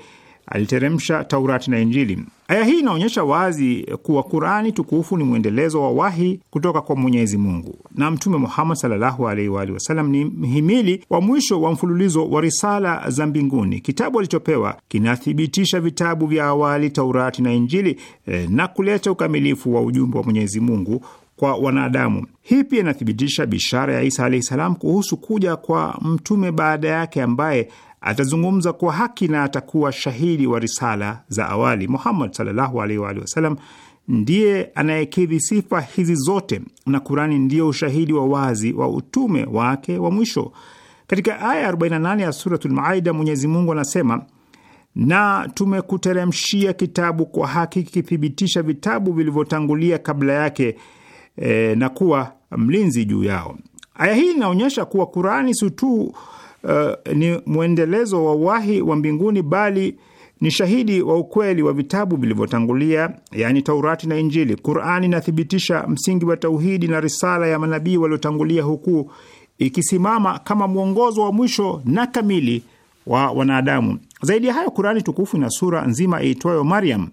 aliteremsha Taurati na Injili. Aya hii inaonyesha wazi kuwa Qurani tukufu ni mwendelezo wa wahi kutoka kwa Mwenyezi Mungu, na Mtume Muhammad sallallahu alaihi wa alihi wasallam ni mhimili wa mwisho wa mfululizo wa risala za mbinguni. Kitabu alichopewa kinathibitisha vitabu vya awali, Taurati na Injili, e, na kuleta ukamilifu wa ujumbe wa Mwenyezi Mungu kwa wanadamu. Hii pia inathibitisha bishara ya Isa alahi salam kuhusu kuja kwa mtume baada yake ambaye atazungumza kwa haki na atakuwa shahidi wa risala za awali. Muhammad sallallahu alaihi wa alihi wasallam ndiye anayekidhi sifa hizi zote, na Kurani ndiyo ushahidi wa wazi wa utume wake wa mwisho. Katika aya 48 ya Suratul Maida, Mwenyezi Mungu anasema na tumekuteremshia kitabu kwa haki kikithibitisha vitabu vilivyotangulia kabla yake e, na kuwa mlinzi juu yao. Aya hii inaonyesha kuwa Kurani si tu uh, ni mwendelezo wa wahi wa mbinguni, bali ni shahidi wa ukweli wa vitabu vilivyotangulia, yaani Taurati na Injili. Qurani inathibitisha msingi wa tauhidi na risala ya manabii waliotangulia, huku ikisimama kama mwongozo wa mwisho na kamili wa wanadamu. Zaidi ya hayo, Qurani tukufu ina sura nzima iitwayo Maryam,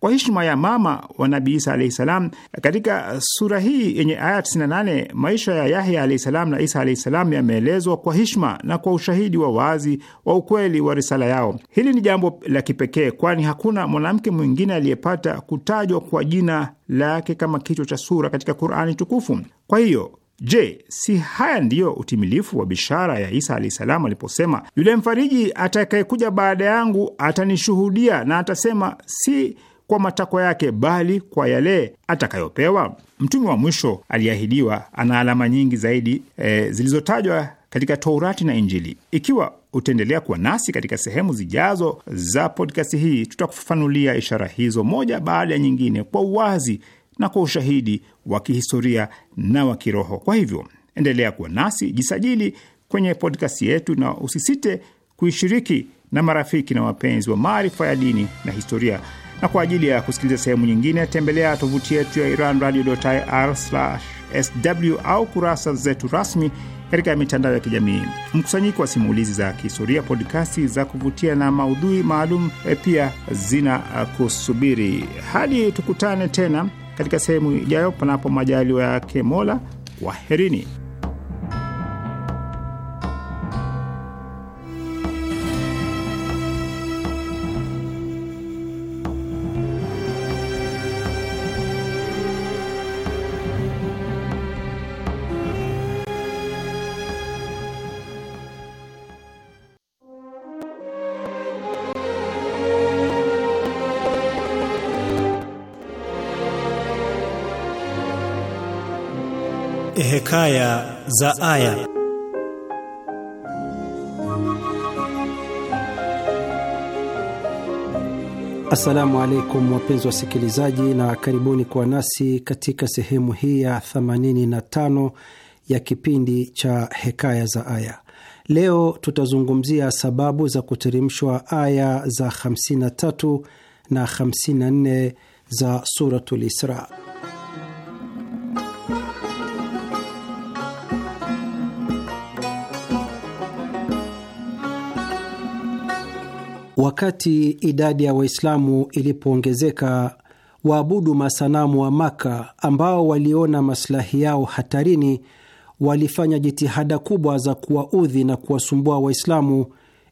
kwa heshima ya mama wa Nabii Isa alahi salam. Katika sura hii yenye aya 98 maisha ya Yahya alahi salam na Isa alahi salam yameelezwa kwa heshima na kwa ushahidi wa wazi wa ukweli wa risala yao. Hili ni jambo la kipekee, kwani hakuna mwanamke mwingine aliyepata kutajwa kwa jina lake kama kichwa cha sura katika Qurani tukufu. Kwa hiyo Je, si haya ndiyo utimilifu wa bishara ya Isa alahi salam aliposema, yule mfariji atakayekuja baada yangu atanishuhudia na atasema si kwa matakwa yake, bali kwa yale atakayopewa. Mtume wa mwisho aliyeahidiwa ana alama nyingi zaidi e, zilizotajwa katika Taurati na Injili. Ikiwa utaendelea kuwa nasi katika sehemu zijazo za podkasti hii, tutakufafanulia ishara hizo moja baada ya nyingine kwa uwazi na kwa ushahidi wa kihistoria na wa kiroho. Kwa hivyo endelea kuwa nasi, jisajili kwenye podkasti yetu na usisite kuishiriki na marafiki na wapenzi wa maarifa ya dini na historia na kwa ajili ya kusikiliza sehemu nyingine tembelea tovuti yetu ya iranradio.ir/sw au kurasa zetu rasmi katika mitandao ya kijamii. Mkusanyiko wa simulizi za kihistoria, podkasti za kuvutia na maudhui maalum eh, pia zina eh, kusubiri. Hadi tukutane tena katika sehemu ijayo, panapo majaliwa yake Mola. Kwaherini. E, Hekaya za Aya. Assalamu alaikum wapenzi wasikilizaji, na karibuni kwa nasi katika sehemu hii ya 85 ya kipindi cha Hekaya za Aya. Leo tutazungumzia sababu za kuteremshwa aya za 53 na 54 za Suratul Isra. Wakati idadi ya Waislamu ilipoongezeka, waabudu masanamu wa Maka ambao waliona maslahi yao hatarini, walifanya jitihada kubwa za kuwaudhi na kuwasumbua Waislamu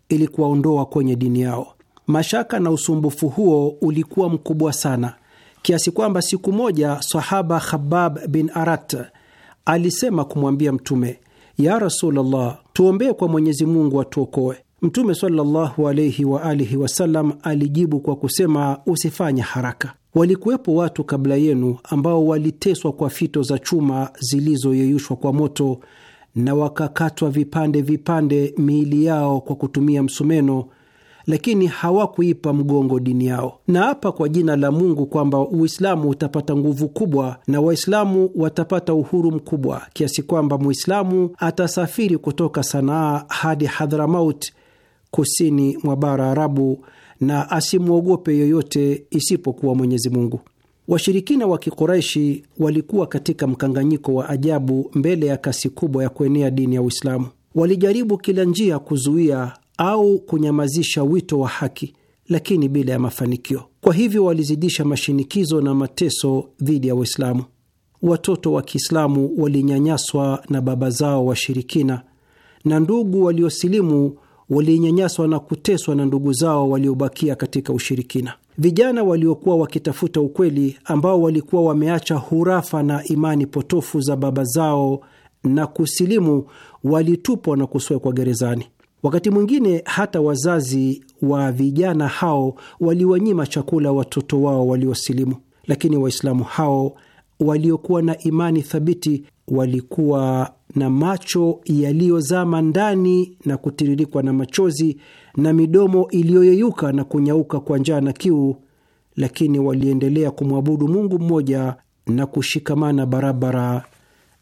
ili kuwaondoa kwenye dini yao. Mashaka na usumbufu huo ulikuwa mkubwa sana kiasi kwamba siku moja sahaba Khabab bin Arat alisema kumwambia Mtume, ya Rasulullah, tuombee kwa Mwenyezi Mungu atuokoe. Mtume sallallahu wa alihi wasallam alijibu kwa kusema, usifanye haraka. Walikuwepo watu kabla yenu ambao waliteswa kwa fito za chuma zilizoyeyushwa kwa moto na wakakatwa vipande vipande miili yao kwa kutumia msumeno, lakini hawakuipa mgongo dini yao. Na hapa kwa jina la Mungu kwamba Uislamu utapata nguvu kubwa na Waislamu watapata uhuru mkubwa kiasi kwamba Muislamu atasafiri kutoka Sanaa hadi Hadhramaut kusini mwa bara Arabu na asimwogope yoyote isipokuwa Mwenyezi Mungu. Washirikina wa Kikureshi walikuwa katika mkanganyiko wa ajabu mbele ya kasi kubwa ya kuenea dini ya Uislamu. Walijaribu kila njia kuzuia au kunyamazisha wito wa haki, lakini bila ya mafanikio. Kwa hivyo walizidisha mashinikizo na mateso dhidi ya Waislamu. Watoto wa Kiislamu walinyanyaswa na baba zao washirikina, na ndugu waliosilimu walinyanyaswa na kuteswa na ndugu zao waliobakia katika ushirikina. Vijana waliokuwa wakitafuta ukweli, ambao walikuwa wameacha hurafa na imani potofu za baba zao na kusilimu, walitupwa na kuswekwa gerezani. Wakati mwingine hata wazazi wa vijana hao waliwanyima chakula watoto wao waliosilimu, lakini Waislamu hao waliokuwa na imani thabiti walikuwa na macho yaliyozama ndani na kutiririkwa na machozi na midomo iliyoyeyuka na kunyauka kwa njaa na kiu, lakini waliendelea kumwabudu Mungu mmoja na kushikamana barabara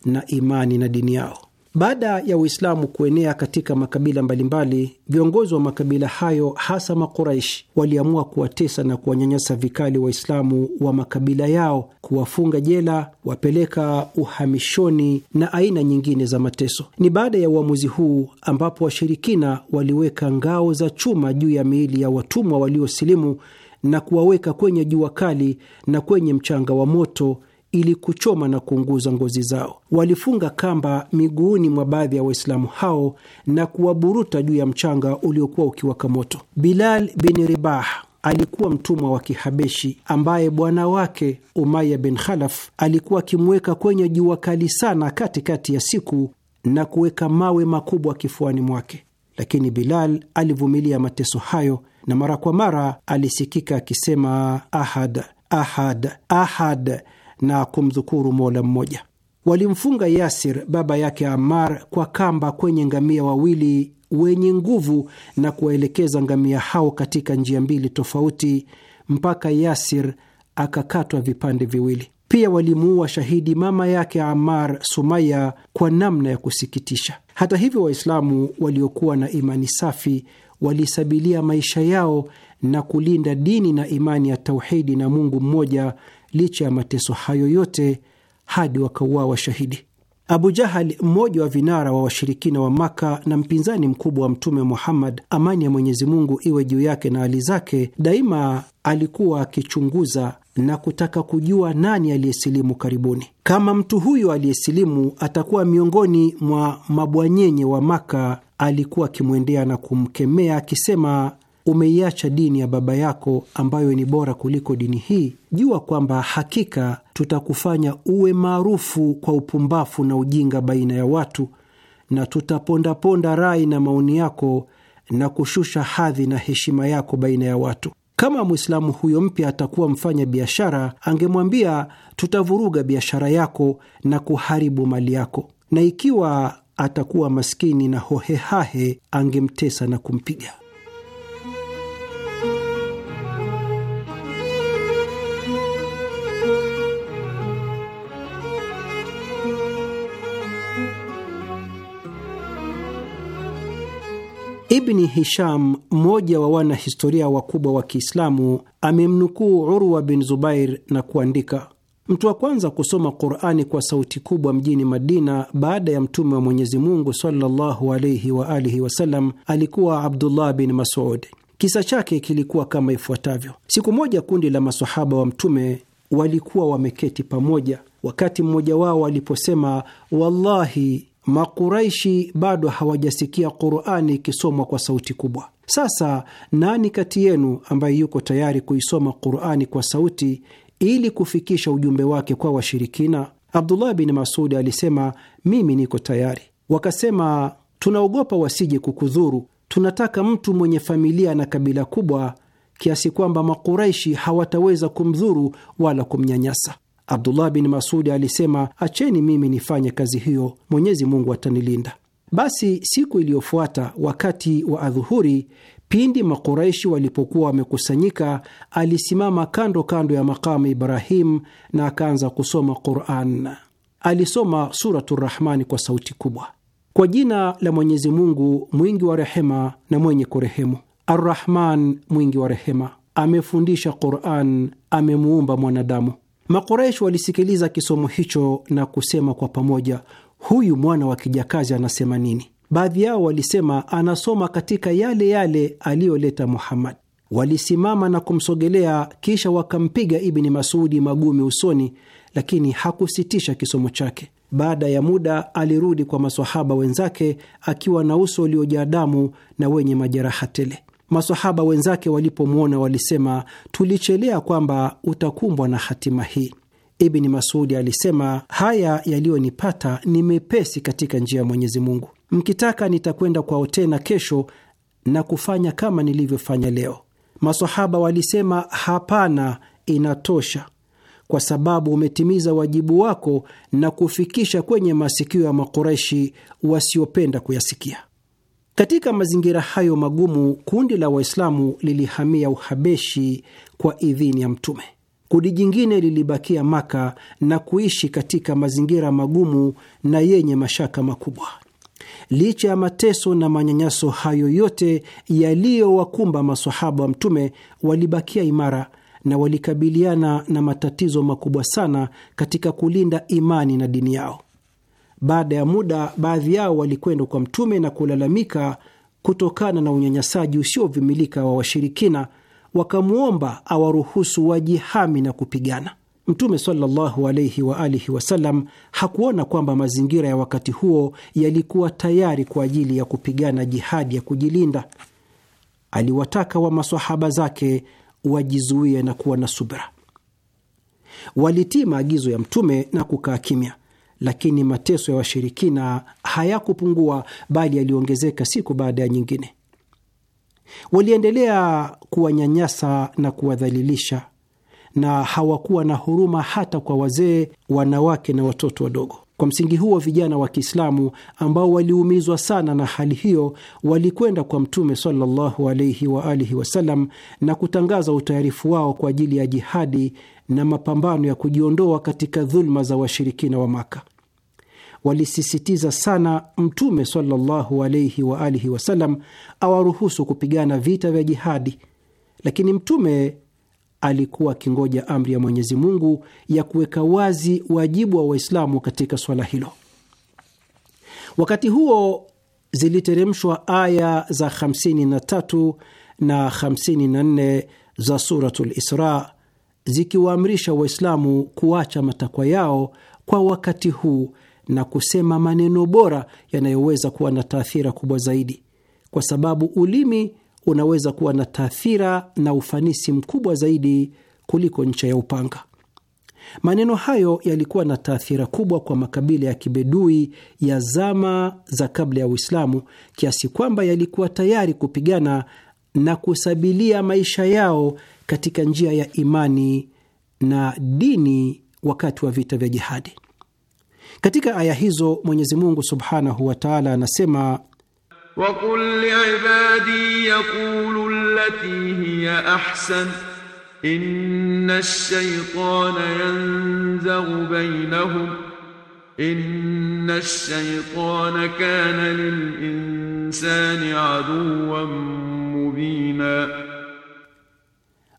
na imani na dini yao. Baada ya Uislamu kuenea katika makabila mbalimbali, viongozi wa makabila hayo hasa Makuraishi waliamua kuwatesa na kuwanyanyasa vikali Waislamu wa makabila yao, kuwafunga jela, wapeleka uhamishoni na aina nyingine za mateso. Ni baada ya uamuzi huu ambapo washirikina waliweka ngao za chuma juu ya miili ya watumwa waliosilimu na kuwaweka kwenye jua kali na kwenye mchanga wa moto ili kuchoma na kuunguza ngozi zao. Walifunga kamba miguuni mwa baadhi ya Waislamu hao na kuwaburuta juu ya mchanga uliokuwa ukiwaka moto. Bilal bin Ribah alikuwa mtumwa wa Kihabeshi ambaye bwana wake Umaya bin Khalaf alikuwa akimweka kwenye jua kali sana katikati ya siku na kuweka mawe makubwa kifuani mwake, lakini Bilal alivumilia mateso hayo na mara kwa mara alisikika akisema ahad, ahad, ahad na kumdhukuru Mola mmoja. Walimfunga Yasir baba yake amar kwa kamba kwenye ngamia wawili wenye nguvu na kuwaelekeza ngamia hao katika njia mbili tofauti mpaka Yasir akakatwa vipande viwili. Pia walimuua shahidi mama yake amar Sumaya, kwa namna ya kusikitisha. Hata hivyo, Waislamu waliokuwa na imani safi walisabilia maisha yao na kulinda dini na imani ya tauhidi na Mungu mmoja licha ya mateso hayo yote hadi wakauawa washahidi Abu Jahal, mmoja wa vinara wa washirikina wa Maka na mpinzani mkubwa wa Mtume Muhammad, amani ya Mwenyezi Mungu iwe juu yake na hali zake, daima alikuwa akichunguza na kutaka kujua nani aliyesilimu karibuni. Kama mtu huyo aliyesilimu atakuwa miongoni mwa mabwanyenye wa Maka, alikuwa akimwendea na kumkemea akisema umeiacha dini ya baba yako ambayo ni bora kuliko dini hii, jua kwamba hakika tutakufanya uwe maarufu kwa upumbafu na ujinga baina ya watu, na tutapondaponda rai na maoni yako na kushusha hadhi na heshima yako baina ya watu. Kama Mwislamu huyo mpya atakuwa mfanya biashara, angemwambia tutavuruga biashara yako na kuharibu mali yako, na ikiwa atakuwa maskini na hohehahe, angemtesa na kumpiga. Ibni Hisham, mmoja wa wanahistoria wakubwa wa Kiislamu, amemnukuu Urwa bin Zubair na kuandika, mtu wa kwanza kusoma Qurani kwa sauti kubwa mjini Madina baada ya Mtume wa Mwenyezi Mungu sallallahu alaihi wa alihi wasallam alikuwa Abdullah bin Masud. Kisa chake kilikuwa kama ifuatavyo. Siku moja kundi la masahaba wa Mtume walikuwa wameketi pamoja, wakati mmoja wao aliposema, wallahi Makuraishi bado hawajasikia Qurani ikisomwa kwa sauti kubwa. Sasa nani kati yenu ambaye yuko tayari kuisoma Qurani kwa sauti ili kufikisha ujumbe wake kwa washirikina? Abdullah bin Masudi alisema, mimi niko tayari. Wakasema, tunaogopa wasije kukudhuru, tunataka mtu mwenye familia na kabila kubwa kiasi kwamba Makuraishi hawataweza kumdhuru wala kumnyanyasa. Abdullah bin Masudi alisema, acheni mimi nifanye kazi hiyo, Mwenyezi Mungu atanilinda. Basi siku iliyofuata wakati wa adhuhuri, pindi Makuraishi walipokuwa wamekusanyika, alisimama kando kando ya makamu Ibrahim na akaanza kusoma Quran. Alisoma Suratu Rahmani kwa sauti kubwa, kwa jina la Mwenyezi Mungu mwingi wa rehema na mwenye kurehemu. Arrahman, mwingi wa rehema, amefundisha Quran, amemuumba mwanadamu Makoresh walisikiliza kisomo hicho na kusema kwa pamoja, huyu mwana wa kijakazi anasema nini? Baadhi yao walisema anasoma katika yale yale aliyoleta Muhammad. Walisimama na kumsogelea, kisha wakampiga Ibni Masudi magumi usoni, lakini hakusitisha kisomo chake. Baada ya muda alirudi kwa masahaba wenzake akiwa na uso uliojaa damu na wenye majeraha tele. Masahaba wenzake walipomwona walisema, tulichelea kwamba utakumbwa na hatima hii. Ibni Masudi alisema, haya yaliyonipata ni mepesi katika njia ya Mwenyezi Mungu. Mkitaka nitakwenda kwao tena kesho na kufanya kama nilivyofanya leo. Masahaba walisema, hapana, inatosha, kwa sababu umetimiza wajibu wako na kufikisha kwenye masikio ya Makureshi wasiopenda kuyasikia. Katika mazingira hayo magumu, kundi la Waislamu lilihamia Uhabeshi kwa idhini ya Mtume. Kundi jingine lilibakia Maka na kuishi katika mazingira magumu na yenye mashaka makubwa. Licha ya mateso na manyanyaso hayo yote yaliyowakumba masahaba wa Mtume, walibakia imara na walikabiliana na matatizo makubwa sana katika kulinda imani na dini yao. Baada ya muda, baadhi yao walikwenda kwa Mtume na kulalamika kutokana na unyanyasaji usiovumilika wa washirikina, wakamwomba awaruhusu wajihami na kupigana. Mtume sallallahu alayhi wa alihi wasallam hakuona kwamba mazingira ya wakati huo yalikuwa tayari kwa ajili ya kupigana jihadi ya kujilinda. Aliwataka wa masahaba zake wajizuie na kuwa na subra. Walitii maagizo ya Mtume na kukaa kimya lakini mateso ya washirikina hayakupungua, bali yaliongezeka siku baada ya nyingine. Waliendelea kuwanyanyasa na kuwadhalilisha, na hawakuwa na huruma hata kwa wazee, wanawake na watoto wadogo. Kwa msingi huo vijana wa Kiislamu ambao waliumizwa sana na hali hiyo walikwenda kwa Mtume sallallahu alaihi wa alihi wasallam na kutangaza utayarifu wao kwa ajili ya jihadi na mapambano ya kujiondoa katika dhuluma za washirikina wa Maka. Walisisitiza sana Mtume sallallahu alaihi wa alihi wasallam awaruhusu kupigana vita vya jihadi, lakini Mtume alikuwa akingoja amri ya Mwenyezi Mungu ya kuweka wazi wajibu wa Waislamu katika swala hilo. Wakati huo ziliteremshwa aya za 53 na 54 za Suratul Isra zikiwaamrisha Waislamu kuacha matakwa yao kwa wakati huu na kusema maneno bora yanayoweza kuwa na taathira kubwa zaidi, kwa sababu ulimi unaweza kuwa na taathira na ufanisi mkubwa zaidi kuliko ncha ya upanga. Maneno hayo yalikuwa na taathira kubwa kwa makabila ya kibedui ya zama za kabla ya Uislamu, kiasi kwamba yalikuwa tayari kupigana na kusabilia maisha yao katika njia ya imani na dini wakati wa vita vya jihadi. Katika aya hizo Mwenyezi Mungu subhanahu wa taala anasema وقل لعبادي يقولوا التي هي احسن ان الشيطان ينزغ بينهم ان الشيطان كان للانسان عدوا مبينا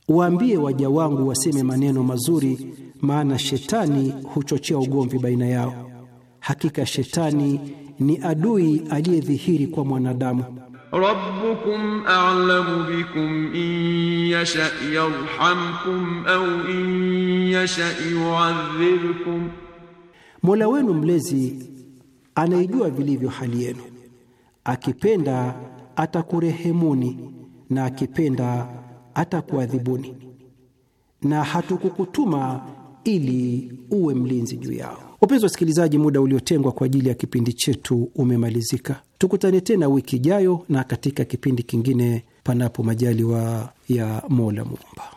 waambie waja wangu waseme maneno mazuri maana shetani huchochea ugomvi baina yao hakika shetani ni adui aliyedhihiri kwa mwanadamu. Rabbukum a'lamu bikum in yasha yarhamkum au in yasha yu'adhibkum, Mola wenu mlezi anaijua vilivyo hali yenu, akipenda atakurehemuni na akipenda atakuadhibuni, na hatukukutuma ili uwe mlinzi juu yao. Wapenzi wasikilizaji, muda uliotengwa kwa ajili ya kipindi chetu umemalizika. Tukutane tena wiki ijayo na katika kipindi kingine, panapo majaliwa ya Mola Muumba.